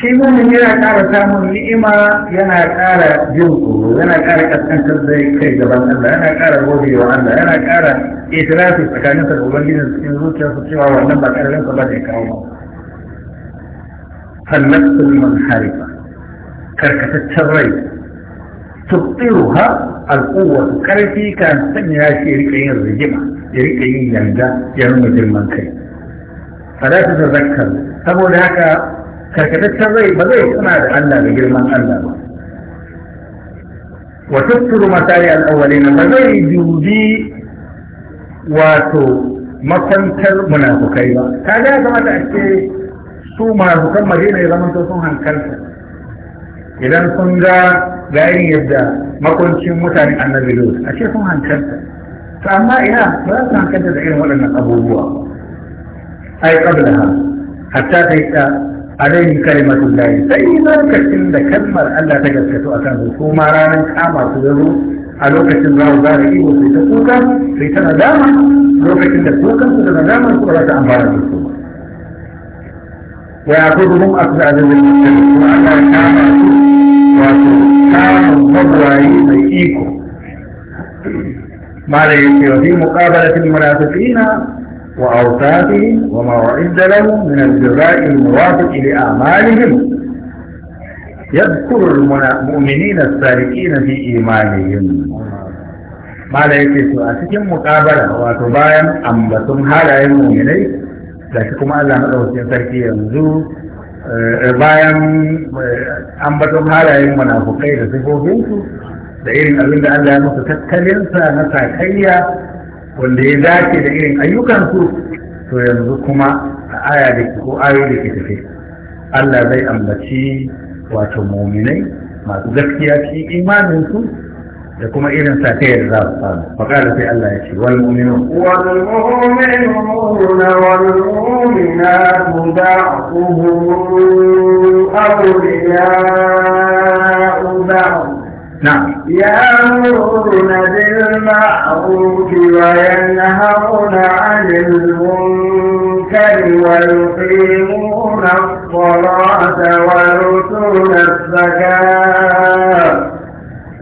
shi mumin yana ƙara samun ni'ima yana ƙara jin tsoro yana ƙara kaskantar da kai gaban Allah yana ƙara gode wa Allah yana ƙara itirafi tsakanin sa da ubangiji cikin zuciyarsa cewa wannan ba ƙarfin sa ba da kawo ba fallatul manharifa karkataccen rai tubtiruha alquwwatu karfi kan sanya shi rika yin rigima ya rika yin yanga ya nuna girman kai fala ta tazakkar saboda haka karkataccen rai ba zai tuna da Allah da girman Allah ba wa tatturu matari al'awwalina ba zai dubi wato makwantar munafukai ba ta ga kamata a ce su munafukan madina ya zama sun hankalta idan sun ga gayin yadda makwancin mutanen annabi lut a ce sun hankalta to amma ina ba za su hankalta da irin waɗannan abubuwa أي قبلها حتى تيتا عليه كلمة الله سيما ذلك السن لكمر ألا تجد كتوء كان بالكومة رانا كاما تدرو ألو كتن راو ذلك إيه في تسوكا في سنة ألو كتن تسوكا في سنة داما كولا تأمبارا بالكومة ويأخذهم أكبر عدد المسلمين وعلى كاما وكان مبرعين إيكو ما ليس في مقابلة المنافقين وأوصافهم وما أعد لهم من الجزاء الموافق لأعمالهم يذكر المؤمنين السالكين في إيمانهم ما لا يكيس أسكن مقابلة وتباين أنبتم هالا المؤمنين لكن الله مدعوه سارقين ينزو bayan ambaton halayen munafukai المنافقين sifofinsu da لأن الله da Allah ya musu tattalinsa wanda ya dace da irin ayyukansu to yanzu kuma a aya da ko ayo da ke tafe Allah zai ambaci wato muminai masu gaskiya cikin imaninsu da kuma irin satayar da za su samu faƙara sai Allah ya ce wal mu'minu wal mu'minuna wal mu'minatu ba'dhuhum awliya'u ba'd نعم يأمرون بالمعروف وينهون عن المنكر ويقيمون الصلاة ويؤتون الزكاة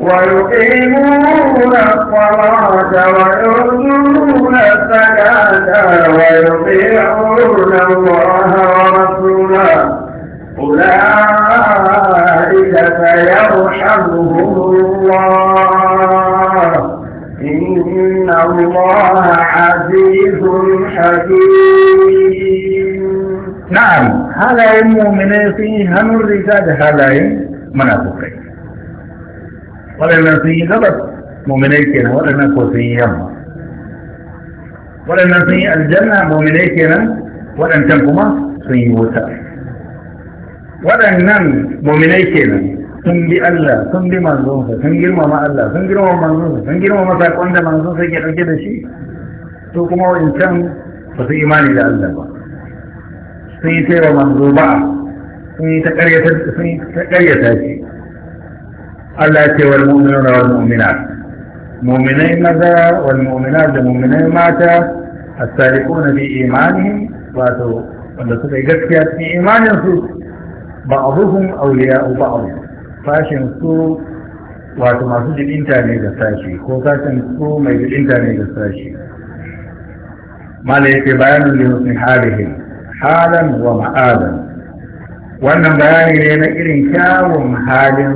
ويقيمون الصلاة ويؤتون الزكاة ويطيعون الله ورسوله أولئك فيرحمهم الله إن الله عزيز حكيم نعم هل المؤمنين في هنور رجاج هل منافقين ولن نسي غلط مؤمنين كنا ولن نكوسي يما ولن نسي الجنة مؤمنين ولن تنكما سيوتا waɗannan muminai kenan sun bi Allah sun bi manzonsa sun girmama Allah sun girmama manzonsa sun girmama sakon da manzonsa ke ɗauke da shi to kuma wancan ba su imani da Allah ba sun yi tsaye wa manzo ba sun yi ta ƙaryata shi Allah ce wal mu'minuna wal mu'minat mu'minai maza wal mu'minat da mu'minai mata as-sadiquna bi imanihim wato wanda suka yi gaskiya cikin imaninsu ba'abuhum awliya'u ba'd fashin su wato masu jibinta ne da sashi ko fashin su mai jibinta ne da sashi mala yake bayanin da husni halihin halan wa ma'adan wannan bayani ne na irin kyawun halin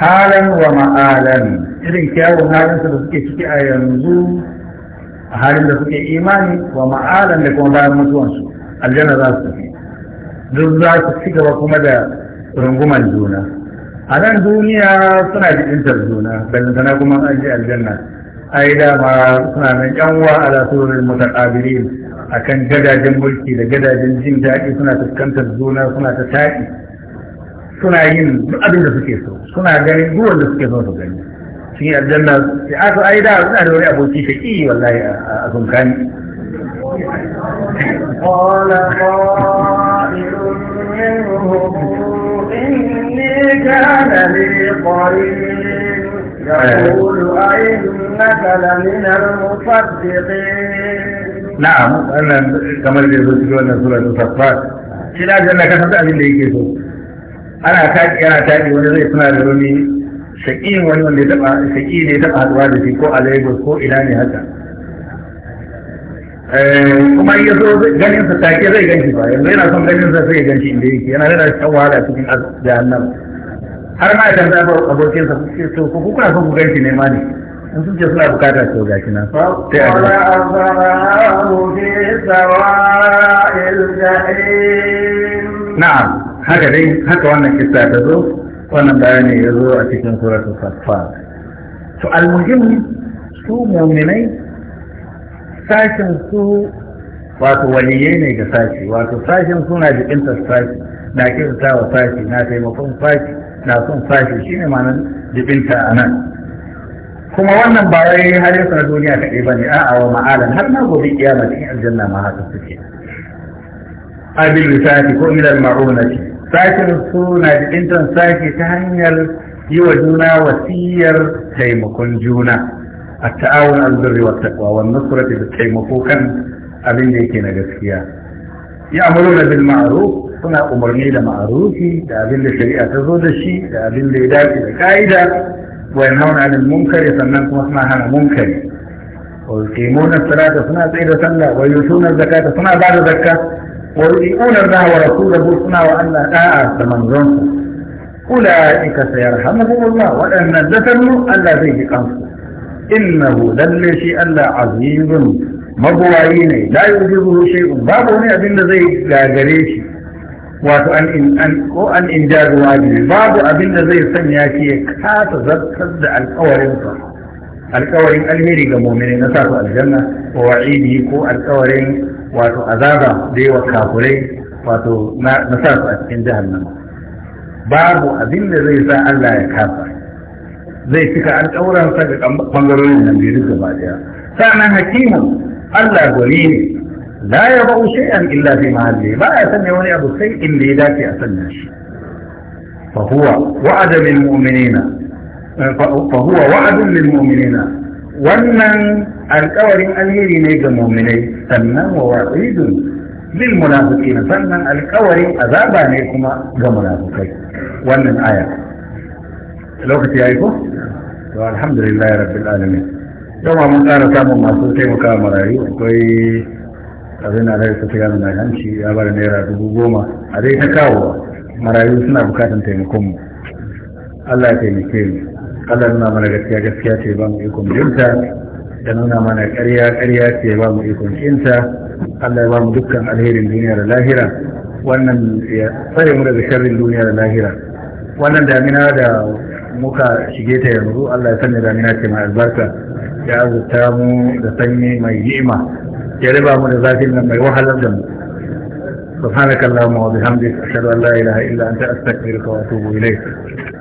halan wa ma'adan irin kyawun halin su da suke ciki a yanzu a halin da suke imani wa ma'adan da kuma bayan mutuwansu aljanna za su tafi duk za su ci gaba kuma da runguman juna a nan duniya suna jiɗintar juna dangana kuma an ji aljanna ai dama suna nan yanwa uwa ala sururin a akan gadajen mulki da gadajen jin daɗi suna fuskantar juna suna ta taɗi suna yin duk abin da suke so suna ganin duk da suke so su gani shi aljanna sai aka ai da suna da wani aboki shaƙi wallahi a sunkani قال قائل منهم إني كان لي قريب يقول أئنك لمن المصدقين na'am wannan kamar da zai cikin wannan sura musaffat shi da janna ka san abin da yake so ana taki ana taki wani zai suna da wani shaƙi wani ya taɓa shaƙi ne haɗuwa da shi ko a Lagos ko ina ne haka Eh, kuma in yaso ganin sa take zai ganki ba yanzu yana son ganin sa sai ganshi inda yake yana da shan wahala cikin jahannam har ma idan za ba abokin sa kuke so ko kuka son ku ganki ne ma ne in sun ce suna bukata su ga shi nan sai a ga na'am haka dai haka wannan kissa ta zo wannan bayani ya zo a cikin suratul saffat to almuhim su mu'minai sashen su wato waliyai ne ga sashi wato sashen suna jikinta sashi na kirta wa sashi na taimakon sashi na son sashi shine ma'anar jibinta a nan kuma wannan ba wai har yasa duniya kaɗai ba ne a'a wa ma'alan har na gobe kiyama cikin aljanna ma haka suke abin lissafi ko ilal ma'unati sakin su na jikintan sashi ta hanyar yi wa juna wasiyar taimakon juna التعاون على البر والتقوى والنصرة بالتحي مفوكا أبنيكينا جسكيا يعملون بالمعروف هنا أمرني لمعروفي تأبن لشريعة زودشي تأبن لإدارة الكائدة وينهون عن المنكر يسمنكم اسمها هنا منكر ويقيمون الصلاة صنع سيدة صلى ويؤتون الزكاة صنع بعد زكاة ويؤون الله ورسوله صنع وأن لا أعثمن ظنه أولئك سيرحمهم الله وأن ألا فيه قنصه innahu lalle shi Allah azizun magwayi ne la yujibuhu shay'un babu wani abin da zai gagare shi wato an in an ko an in jaru babu abin da zai sanya shi ya kasa zartar da alƙawarin sa alƙawarin alheri ga mu'mini na sa su aljanna ko wa'idi ko alƙawarin wato azaba da yawa kafurai wato na sa su a cikin jahannama babu abin da zai sa Allah ya kafa zai cika alƙawuransa ga ɓangarorin nan biyu ba daya sa'annan hakimu Allah gwani ne la ya ba ba'u an illa fi mahalli ba ya sanya wani abu sai inda ya dace a sanya shi fa huwa wa'adun lil mu'minina fa huwa wa'adun lil mu'minina wannan alƙawarin alheri ne ga mu'minai sannan wa wa'idun lil munafiqina sannan alƙawarin azaba ne kuma ga munafikai wannan aya lokaci ya yi ko? to alhamdulillah ya rabbi alamin yau ma mun tsara samun masu taimaka marayu akwai abin da ya ta gano na hanci ya bada naira dubu goma a dai ta kawo marayu suna bukatan taimakonmu Allah ya taimake mu Allah nuna mana gaskiya gaskiya ce ba mu ikon jinta da nuna mana ƙarya ƙarya ce ba mu ikon kinta Allah ya ba mu dukkan alherin duniya da lahira wannan ya tsare mu daga sharrin duniya da lahira wannan damina da muka shige ta yanzu Allah ya sanya damina ce mai albarka ya azurta mu da sanyi mai ni'ima ya raba mu da zafin nan mai wahalar da mu subhanakallahumma wa bihamdika ashhadu an la ilaha illa anta astaghfiruka wa atubu ilayk